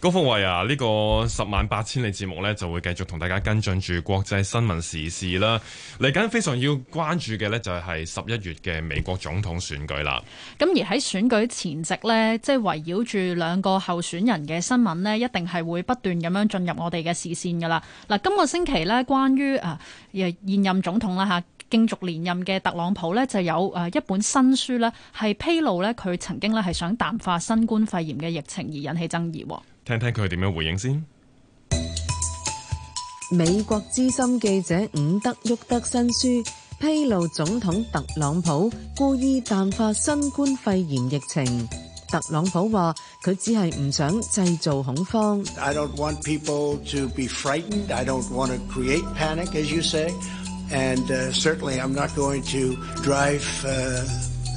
高福慧啊，呢、這個十萬八千里節目呢，就會繼續同大家跟進住國際新聞時事啦。嚟緊非常要關注嘅呢，就係十一月嘅美國總統選舉啦。咁而喺選舉前夕呢，即係圍繞住兩個候選人嘅新聞呢，一定係會不斷咁樣進入我哋嘅視線噶啦。嗱，今個星期呢，關於啊現任總統啦吓，競逐連任嘅特朗普呢，就有誒一本新書啦，係披露呢，佢曾經呢係想淡化新冠肺炎嘅疫情而引起爭議。聽聽佢點樣回應先。美國資深記者伍德沃德新書披露，總統特朗普故意淡化新冠肺炎疫情。特朗普話：佢只係唔想製造恐慌。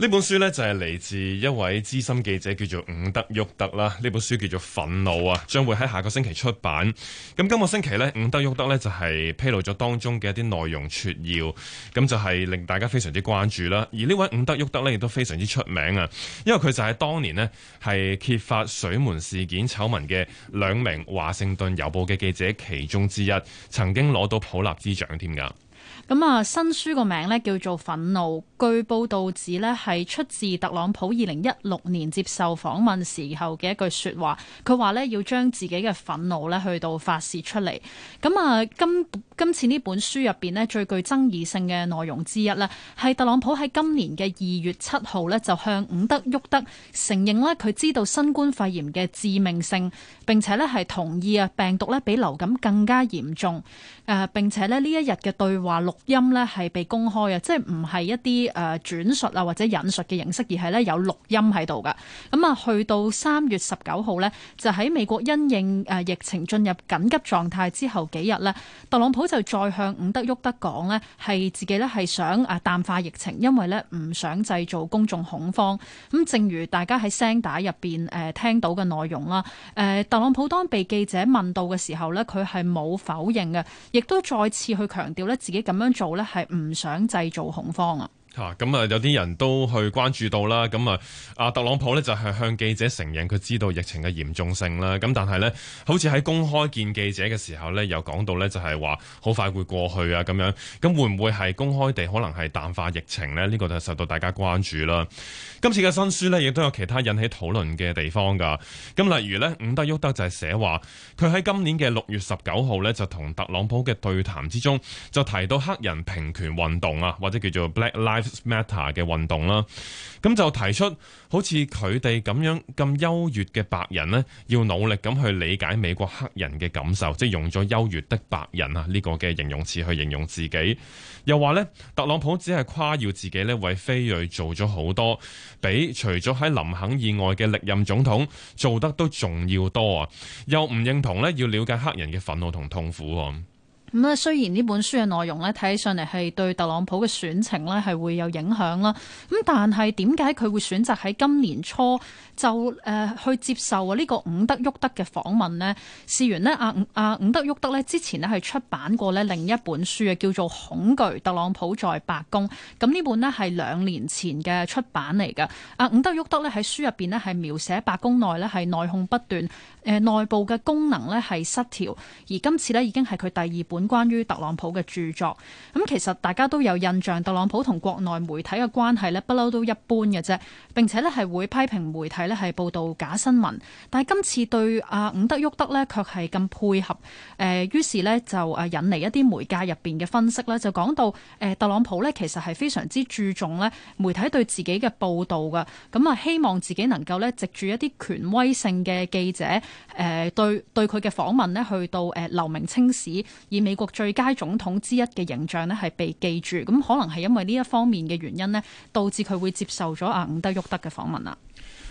呢本書呢，就係嚟自一位資深記者叫做伍德沃德啦，呢本書叫做《憤怒》啊，將會喺下個星期出版。咁今個星期呢，伍德沃德呢，就係、是、披露咗當中嘅一啲內容撮要，咁就係、是、令大家非常之關注啦。而呢位伍德沃德呢，亦都非常之出名啊，因為佢就係當年呢，係揭發水門事件醜聞嘅兩名華盛頓郵報嘅記者其中之一，曾經攞到普立茲獎添㗎。咁啊，新書個名呢叫做《憤怒》，據報道指呢係出自特朗普二零一六年接受訪問時候嘅一句說話，佢話呢要將自己嘅憤怒呢去到發泄出嚟。咁啊，根本。今次呢本書入面呢，最具爭議性嘅內容之一呢，係特朗普喺今年嘅二月七號呢，就向伍德沃德承認呢，佢知道新冠肺炎嘅致命性，並且呢係同意啊病毒呢比流感更加嚴重。誒並且呢，呢一日嘅對話錄音呢係被公開啊，即係唔係一啲誒轉述啊或者引述嘅形式，而係呢有錄音喺度㗎。咁啊，去到三月十九號呢，就喺美國因應疫情進入緊急狀態之後幾日呢，特朗普。就再向伍德沃德講呢係自己咧係想啊淡化疫情，因為咧唔想製造公眾恐慌。咁正如大家喺聲帶入邊誒聽到嘅內容啦，誒，特朗普當被記者問到嘅時候呢，佢係冇否認嘅，亦都再次去強調咧自己咁樣做呢係唔想製造恐慌啊。咁啊有啲人都去關注到啦，咁啊特朗普呢就係、是、向記者承認佢知道疫情嘅嚴重性啦，咁但係呢，好似喺公開見記者嘅時候呢，又講到呢，就係話好快會過去啊咁樣，咁會唔會係公開地可能係淡化疫情呢？呢、這個就受到大家關注啦。今次嘅新書呢，亦都有其他引起討論嘅地方㗎，咁例如呢，伍德沃德就係寫話，佢喺今年嘅六月十九號呢，就同特朗普嘅對談之中就提到黑人平權運動啊，或者叫做 Black Lives。Matter 嘅運動啦，咁就提出好似佢哋咁樣咁優越嘅白人呢，要努力咁去理解美國黑人嘅感受，即係用咗優越的白人啊呢個嘅形容詞去形容自己，又話呢，特朗普只係誇耀自己呢，為非裔做咗好多，比除咗喺林肯以外嘅歷任總統做得都重要多啊，又唔認同呢，要了解黑人嘅憤怒同痛苦。咁咧，雖然呢本書嘅內容咧，睇起上嚟係對特朗普嘅選情咧係會有影響啦。咁但係點解佢會選擇喺今年初就誒、呃、去接受啊呢個伍德沃德嘅訪問咧？事源咧、啊、阿、啊、阿伍德沃德咧之前咧係出版過咧另一本書啊叫做《恐懼特朗普在白宮》，咁呢本咧係兩年前嘅出版嚟嘅。阿、啊、伍德沃德咧喺書入邊咧係描寫白宮內咧係內訌不斷誒內部嘅功能咧係失調，而今次咧已經係佢第二本，關於特朗普嘅著作，咁其實大家都有印象，特朗普同國內媒體嘅關係咧，不嬲都一般嘅啫。並且咧係會批評媒體咧係報道假新聞，但係今次對阿伍德沃德咧，卻係咁配合。誒，於是咧就誒引嚟一啲媒介入邊嘅分析咧，就講到誒特朗普咧其實係非常之注重咧媒體對自己嘅報道噶，咁啊希望自己能夠咧藉住一啲權威性嘅記者誒對對佢嘅訪問咧去到誒留名青史美國最佳總統之一嘅形象咧，係被記住，咁可能係因為呢一方面嘅原因咧，導致佢會接受咗阿伍德沃德嘅訪問啦。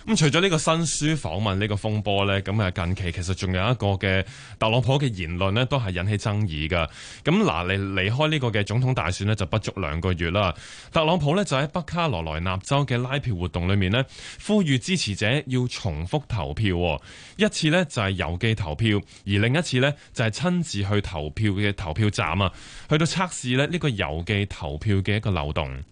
咁除咗呢個新書訪問呢個風波呢，咁啊近期其實仲有一個嘅特朗普嘅言論呢，都係引起爭議㗎。咁嗱，你離開呢個嘅總統大選呢，就不足兩個月啦。特朗普呢，就喺北卡羅來納州嘅拉票活動裏面呢，呼籲支持者要重複投票，一次呢，就係郵寄投票，而另一次呢，就係親自去投票嘅投票站啊。去到測試呢個郵寄投票嘅一個漏洞。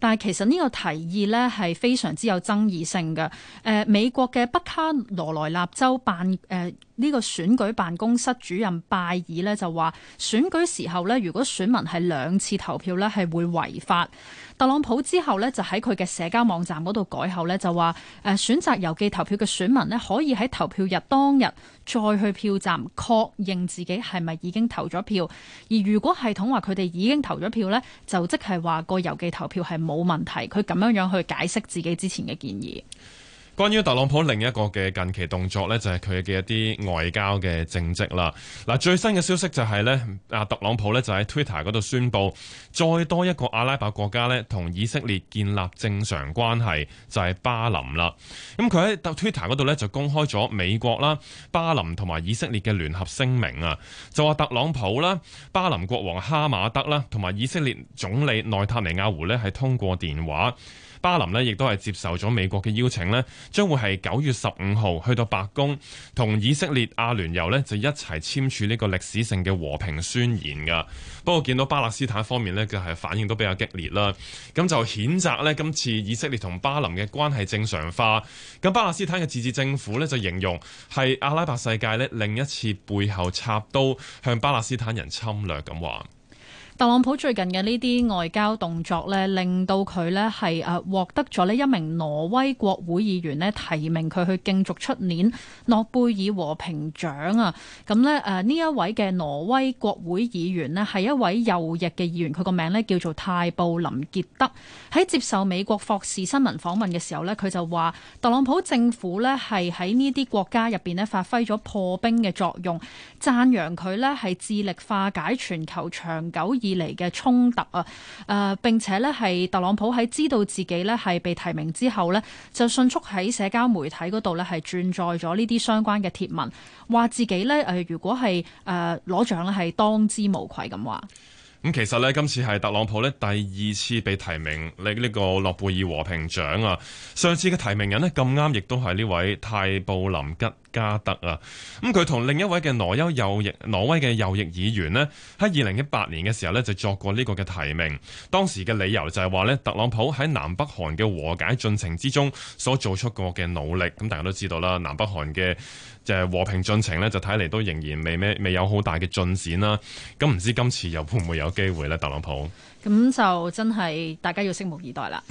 但係其實呢個提議呢係非常之有爭議性嘅。誒、呃、美國嘅北卡羅來納州辦誒呢、呃這個選舉辦公室主任拜爾呢就話，選舉時候呢，如果選民係兩次投票呢係會違法。特朗普之後呢，就喺佢嘅社交網站嗰度改口呢，就話，誒選擇郵寄投票嘅選民呢，可以喺投票日當日再去票站確認自己係咪已經投咗票，而如果系統話佢哋已經投咗票呢，就即係話個郵寄投票係。冇問題，佢咁樣樣去解釋自己之前嘅建議。關於特朗普另一個嘅近期動作呢就係佢嘅一啲外交嘅政績啦。嗱，最新嘅消息就係呢，啊特朗普呢就喺 Twitter 嗰度宣布，再多一個阿拉伯國家呢同以色列建立正常關係，就係巴林啦。咁佢喺特 Twitter 嗰度呢，就公開咗美國啦、巴林同埋以色列嘅聯合聲明啊，就話特朗普啦、巴林國王哈馬德啦同埋以色列總理內塔尼亞胡呢係通過電話。巴林呢亦都係接受咗美國嘅邀請，呢將會係九月十五號去到白宮，同以色列、阿聯酋呢就一齊簽署呢個歷史性嘅和平宣言㗎。不過見到巴勒斯坦方面呢，佢係反應都比較激烈啦。咁就譴責呢，今次以色列同巴林嘅關係正常化。咁巴勒斯坦嘅自治政府呢，就形容係阿拉伯世界呢，另一次背後插刀向巴勒斯坦人侵略咁話。特朗普最近嘅呢啲外交動作咧，令到佢咧係誒獲得咗呢一名挪威國會議員咧提名佢去競逐出年諾貝爾和平獎啊！咁咧誒呢一位嘅挪威國會議員咧係一位右翼嘅議員，佢個名咧叫做泰布林傑德。喺接受美國霍士新聞訪問嘅時候咧，佢就話特朗普政府咧係喺呢啲國家入邊咧發揮咗破冰嘅作用，讚揚佢咧係致力化解全球長久以而嚟嘅衝突啊，誒並且呢係特朗普喺知道自己呢係被提名之後呢，就迅速喺社交媒體嗰度呢係轉載咗呢啲相關嘅帖文，話自己呢誒如果係誒攞獎呢係當之無愧咁話。咁其實呢，今次係特朗普呢第二次被提名呢呢個諾貝爾和平獎啊，上次嘅提名人呢，咁啱亦都係呢位泰布林吉加德啊，咁佢同另一位嘅挪威右翼挪威嘅右翼議員呢，喺二零一八年嘅時候呢，就作過呢個嘅提名，當時嘅理由就係話呢，特朗普喺南北韓嘅和解進程之中所做出過嘅努力，咁、嗯、大家都知道啦，南北韓嘅就係、是、和平進程呢，就睇嚟，都仍然未咩未有好大嘅進展啦，啊，咁、嗯、唔知今次又會唔會有機會呢？特朗普？咁就真係大家要拭目以待啦。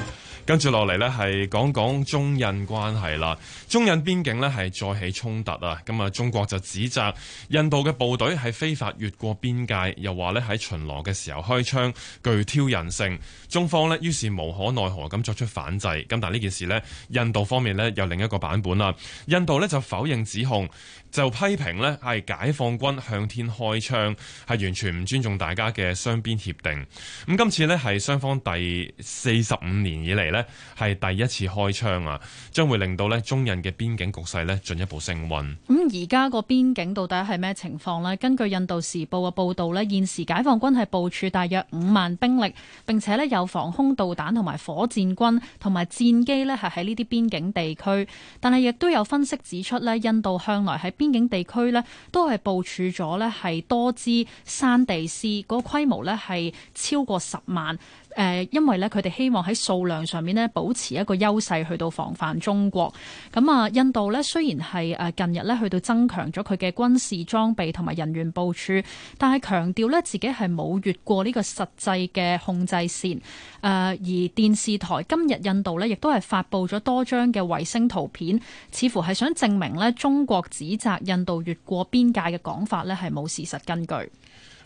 跟住落嚟呢，係講講中印關係啦。中印邊境呢，係再起衝突啊！咁啊，中國就指責印度嘅部隊係非法越過邊界，又話呢，喺巡邏嘅時候開槍，具挑釁性。中方呢，於是無可奈何咁作出反制。咁但係呢件事呢，印度方面呢，有另一個版本啦。印度呢，就否認指控，就批評呢，係解放軍向天開槍，係完全唔尊重大家嘅雙邊協定。咁今今次呢，係雙方第四十五年以嚟呢，係第一次開槍啊！將會令到呢，中印嘅邊境局勢呢，進一步升溫。咁而家個邊境到底係咩情況呢？根據印度時報嘅報道呢，現時解放軍係部署大約五萬兵力，並且呢，有防空導彈同埋火箭軍同埋戰機呢，係喺呢啲邊境地區。但係亦都有分析指出呢，印度向來喺邊境地區呢，都係部署咗呢，係多支山地師，嗰個規模呢，係超過。十萬，誒，因為咧，佢哋希望喺數量上面呢，保持一個優勢，去到防範中國。咁啊，印度呢，雖然係誒近日呢去到增強咗佢嘅軍事裝備同埋人員部署，但係強調呢，自己係冇越過呢個實際嘅控制線。誒，而電視台今日印度呢亦都係發布咗多張嘅衛星圖片，似乎係想證明呢，中國指責印度越過邊界嘅講法呢係冇事實根據。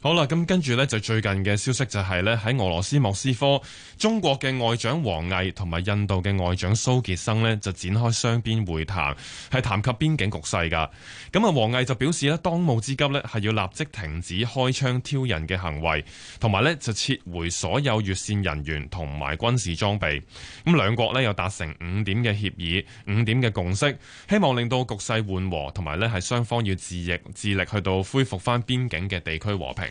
好啦，咁跟住呢，就最近嘅消息就係呢。喺俄羅斯莫斯科，中國嘅外長王毅同埋印度嘅外長蘇傑生呢，就展開雙邊會談，係談及邊境局勢噶。咁啊，王毅就表示呢，當務之急呢，係要立即停止開槍挑釁嘅行為，同埋呢，就撤回所有越綫人員同埋軍事裝備。咁兩國呢，又達成五點嘅協議，五點嘅共識，希望令到局勢緩和，同埋呢，係雙方要致力致力去到恢復翻邊境嘅地區和平。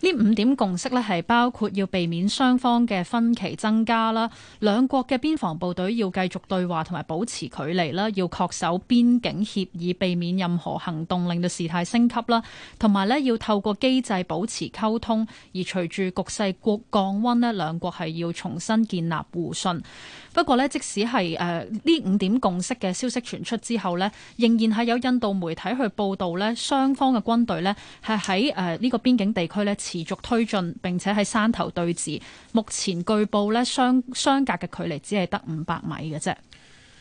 呢五點共識呢係包括要避免雙方嘅分歧增加啦，兩國嘅邊防部隊要繼續對話同埋保持距離啦，要確守邊境協議，避免任何行動令到事態升級啦，同埋呢，要透過機制保持溝通，而隨住局勢降降溫呢，兩國係要重新建立互信。不過呢，即使係誒呢五點共識嘅消息傳出之後呢，仍然係有印度媒體去報道呢，雙方嘅軍隊呢係喺誒呢個邊境地區。持續推進，並且喺山頭對峙。目前據報咧，相相隔嘅距離只係得五百米嘅啫。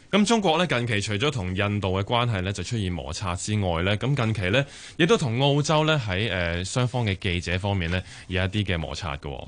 咁中國咧近期除咗同印度嘅關係咧就出現摩擦之外咧，咁近期咧亦都同澳洲咧喺誒雙方嘅記者方面咧有一啲嘅摩擦㗎、哦。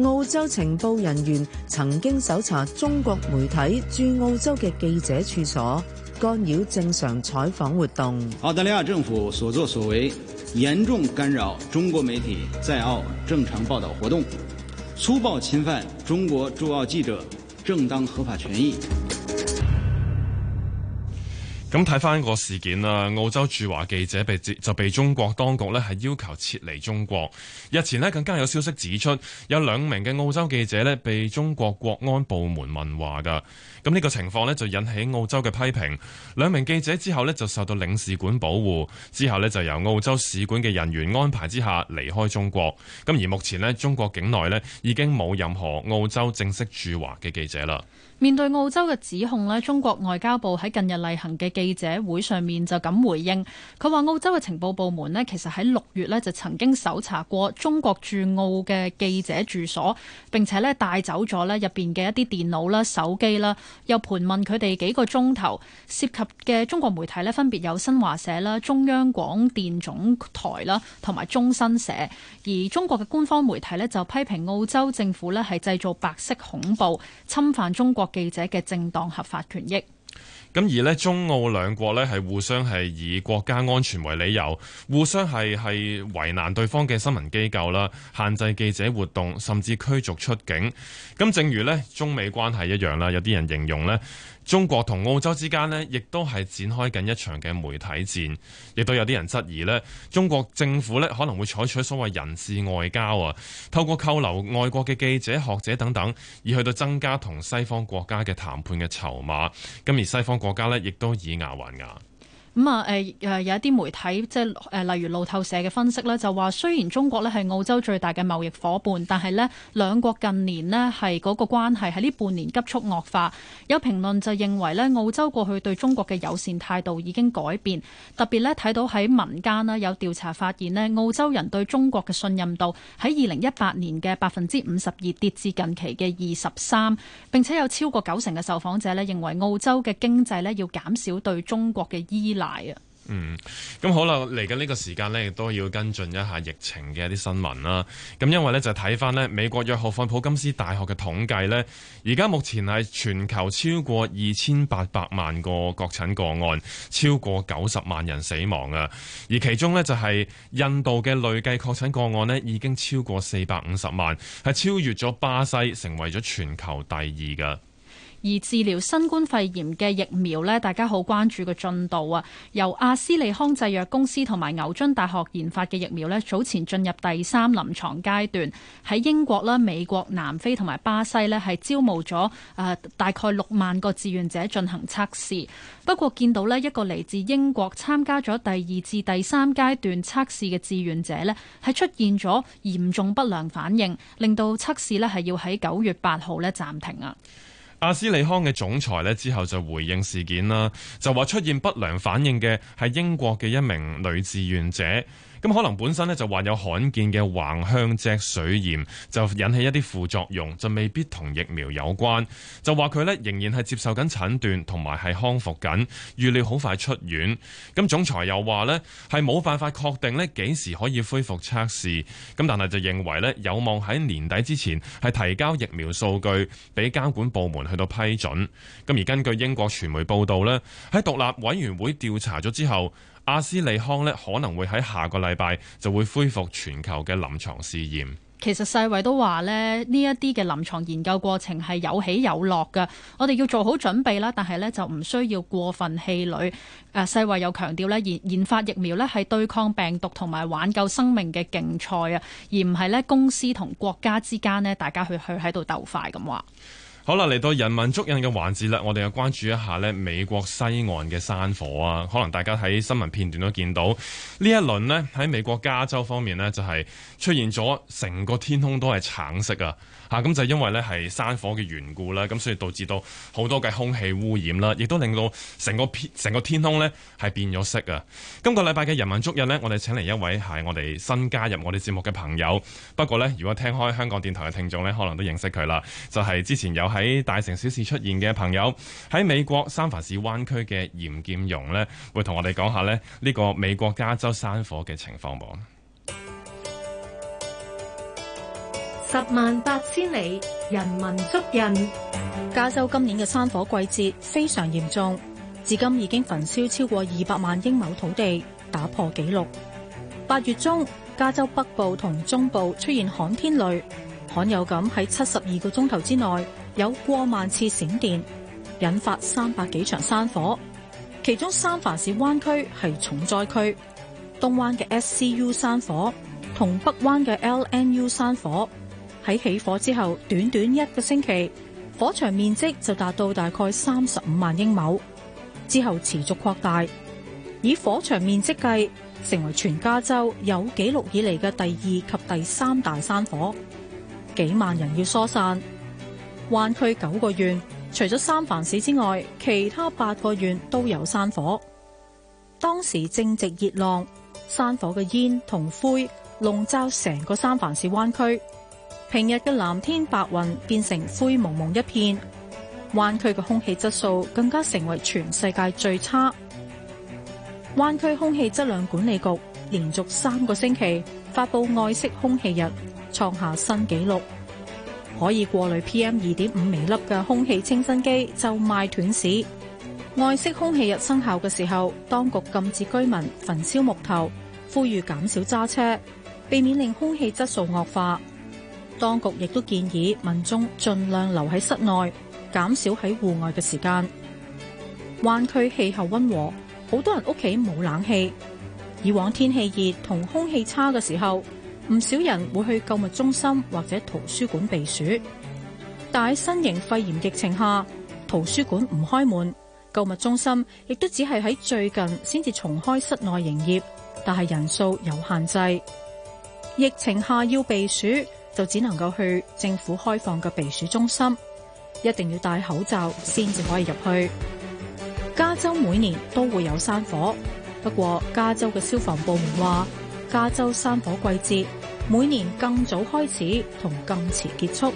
澳洲情報人員曾經搜查中國媒體駐澳洲嘅記者住所，干擾正常採訪活動。澳大利亞政府所作所為，嚴重干擾中國媒體在澳正常報道活動，粗暴侵犯中國駐澳記者正當合法權益。咁睇翻個事件啦，澳洲駐華記者被就就被中國當局呢係要求撤離中國。日前呢更加有消息指出，有兩名嘅澳洲記者呢被中國國安部門問話噶。咁、這、呢個情況呢就引起澳洲嘅批評。兩名記者之後呢就受到領事館保護，之後呢就由澳洲使館嘅人員安排之下離開中國。咁而目前呢中國境內呢已經冇任何澳洲正式駐華嘅記者啦。面對澳洲嘅指控呢，中國外交部喺近日例行嘅記者會上面就咁回應，佢話澳洲嘅情報部門呢，其實喺六月呢就曾經搜查過中國駐澳嘅記者住所，並且呢帶走咗呢入邊嘅一啲電腦啦、手機啦，又盤問佢哋幾個鐘頭。涉及嘅中國媒體呢，分別有新華社啦、中央廣電總台啦，同埋中新社。而中國嘅官方媒體呢，就批評澳洲政府呢係製造白色恐怖，侵犯中國記者嘅正當合法權益。咁而呢中澳兩國呢係互相係以國家安全為理由，互相係係為難對方嘅新聞機構啦，限制記者活動，甚至驅逐出境。咁正如呢中美關係一樣啦，有啲人形容呢。中國同澳洲之間呢亦都係展開緊一場嘅媒體戰，亦都有啲人質疑呢中國政府呢可能會採取所謂，人事外交、人質外交啊，透過扣留外國嘅記者、學者等等，而去到增加同西方國家嘅談判嘅籌碼。咁而西方國家呢亦都以牙還牙。咁啊，誒誒、嗯、有一啲媒體即係誒例如路透社嘅分析咧，就話雖然中國咧係澳洲最大嘅貿易夥伴，但係咧兩國近年咧係嗰個關係喺呢半年急速惡化。有評論就認為咧，澳洲過去對中國嘅友善態度已經改變，特別咧睇到喺民間啦，有調查發現咧，澳洲人對中國嘅信任度喺二零一八年嘅百分之五十二跌至近期嘅二十三，並且有超過九成嘅受訪者咧認為澳洲嘅經濟咧要減少對中國嘅依賴。大啊！嗯，咁好啦，嚟緊呢個時間呢，亦都要跟進一下疫情嘅一啲新聞啦。咁因為呢，就睇返呢，美國約翰霍普金斯大學嘅統計呢，而家目前係全球超過二千八百萬個確診個案，超過九十萬人死亡啊！而其中呢，就係印度嘅累計確診個案呢，已經超過四百五十萬，係超越咗巴西，成為咗全球第二嘅。而治療新冠肺炎嘅疫苗呢，大家好關注嘅進度啊。由阿斯利康製藥公司同埋牛津大學研發嘅疫苗呢，早前進入第三臨床階段，喺英國啦、美國、南非同埋巴西呢，係招募咗、呃、大概六萬個志願者進行測試。不過見到呢一個嚟自英國參加咗第二至第三階段測試嘅志願者呢，係出現咗嚴重不良反應，令到測試呢係要喺九月八號呢暫停啊。阿斯利康嘅總裁咧之後就回應事件啦，就話出現不良反應嘅係英國嘅一名女志願者。咁可能本身咧就患有罕見嘅橫向脊髓炎，就引起一啲副作用，就未必同疫苗有關，就話佢咧仍然係接受緊診斷同埋係康復緊，預料好快出院。咁總裁又話呢，係冇辦法確定呢幾時可以恢復測試。咁但係就認為呢，有望喺年底之前係提交疫苗數據俾監管部門去到批准。咁而根據英國傳媒報道呢，喺獨立委員會調查咗之後，阿斯利康咧可能會喺下個禮拜就會恢復全球嘅臨床試驗。其實世衛都話咧，呢一啲嘅臨床研究過程係有起有落噶，我哋要做好準備啦。但係咧就唔需要過分氣餒。誒，世衛又強調咧研研發疫苗咧係對抗病毒同埋挽救生命嘅競賽啊，而唔係咧公司同國家之間呢，大家去去喺度鬥快咁話。好啦，嚟到人文足印嘅環節啦，我哋又關注一下美國西岸嘅山火啊！可能大家喺新聞片段都見到呢一輪呢喺美國加州方面呢，就係出現咗成個天空都係橙色啊！咁、啊、就因為咧係山火嘅緣故啦，咁所以導致到好多嘅空氣污染啦，亦都令到成個，個天成天空咧係變咗色啊！今個禮拜嘅人文足印呢，我哋請嚟一位係我哋新加入我哋節目嘅朋友。不過呢，如果聽開香港電台嘅聽眾呢，可能都認識佢啦。就係、是、之前有喺大城小事出現嘅朋友，喺美國三藩市灣區嘅嚴劍蓉呢，會同我哋講下呢呢、這個美國加州山火嘅情況。十萬八千里，人文足印。加州今年嘅山火季節非常嚴重，至今已經焚燒超過二百萬英畝土地，打破紀錄。八月中，加州北部同中部出現旱天雷，罕有咁喺七十二個鐘頭之內有過萬次閃電，引發三百幾場山火。其中三藩市灣區係重災區，東灣嘅 SCU 山火同北灣嘅 LNU 山火。喺起火之後，短短一個星期，火場面積就達到大概三十五萬英畝。之後持續擴大，以火場面積計，成為全加州有紀錄以來嘅第二及第三大山火。幾萬人要疏散，灣區九個縣，除咗三藩市之外，其他八個縣都有山火。當時正值熱浪，山火嘅煙同灰籠罩成個三藩市灣區。平日嘅藍天白雲變成灰蒙蒙一片，灣區嘅空氣質素更加成為全世界最差。灣區空氣質量管理局連續三個星期發布外式空氣日，創下新紀錄。可以過濾 PM 二點五微粒嘅空氣清新機就賣斷市。外式空氣日生效嘅時候，當局禁止居民焚燒木頭，呼籲減少揸車，避免令空氣質素惡化。當局亦都建議民眾盡量留喺室內，減少喺戶外嘅時間。灣區氣候溫和，好多人屋企冇冷氣。以往天氣熱同空氣差嘅時候，唔少人會去購物中心或者圖書館避暑。但喺新型肺炎疫情下，圖書館唔開門，購物中心亦都只係喺最近先至重開室內營業，但係人數有限制。疫情下要避暑。就只能夠去政府開放嘅避暑中心，一定要戴口罩先至可以入去。加州每年都會有山火，不過加州嘅消防部門話，加州山火季節每年更早開始同更遲結束，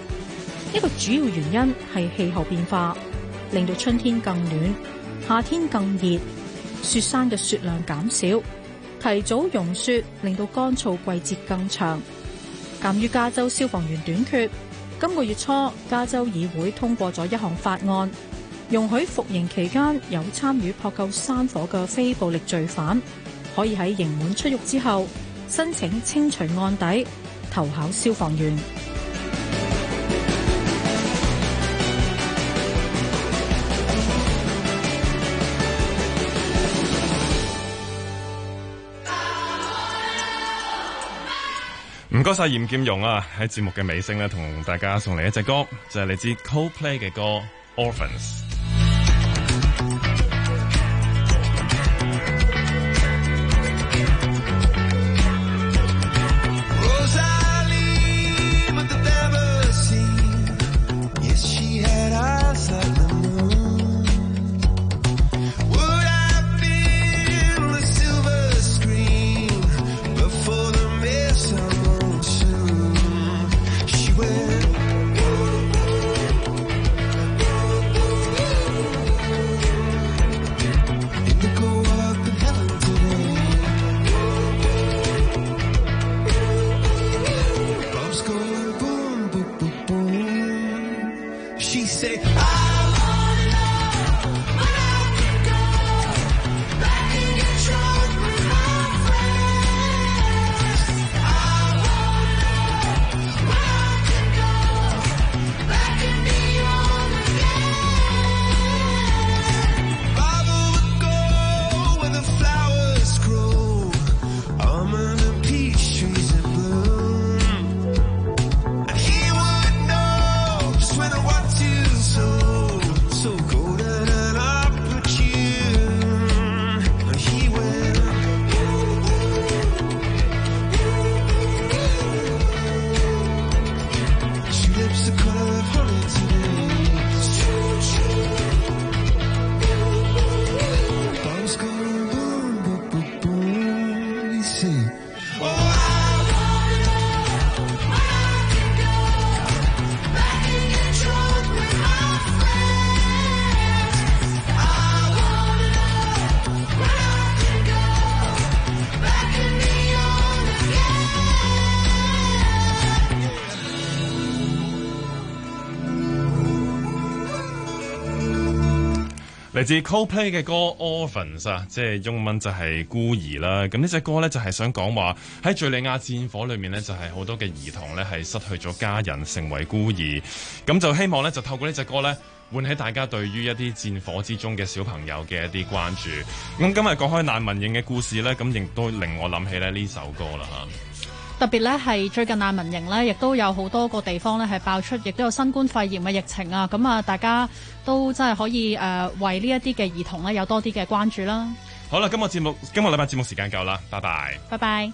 一個主要原因係氣候變化令到春天更暖，夏天更熱，雪山嘅雪量減少，提早融雪令到乾燥季節更長。鑒於加州消防員短缺，今個月初加州議會通過咗一項法案，容許服刑期間有參與撲救山火嘅非暴力罪犯，可以喺刑滿出獄之後，申請清除案底，投考消防員。唔該晒嚴劍蓉啊！喺節目嘅尾聲咧，同大家送嚟一隻歌，就係、是、嚟自 Coldplay 嘅歌《Orphans》。嚟自 Coldplay 嘅歌 Orphans 啊，即係英文就係孤兒啦。咁呢隻歌呢，就係想講話喺敘利亞戰火裏面呢，就係好多嘅兒童呢，係失去咗家人，成為孤兒。咁就希望呢，就透過呢隻歌呢，喚起大家對於一啲戰火之中嘅小朋友嘅一啲關注。咁今日講開難民營嘅故事呢，咁亦都令我諗起咧呢首歌啦吓。特別咧，係最近難民營咧，亦都有好多個地方咧，係爆出，亦都有新冠肺炎嘅疫情啊！咁啊，大家都真係可以誒，為呢一啲嘅兒童咧，有多啲嘅關注啦。好啦，今個節目，今個禮拜節目時間夠啦，拜拜，拜拜。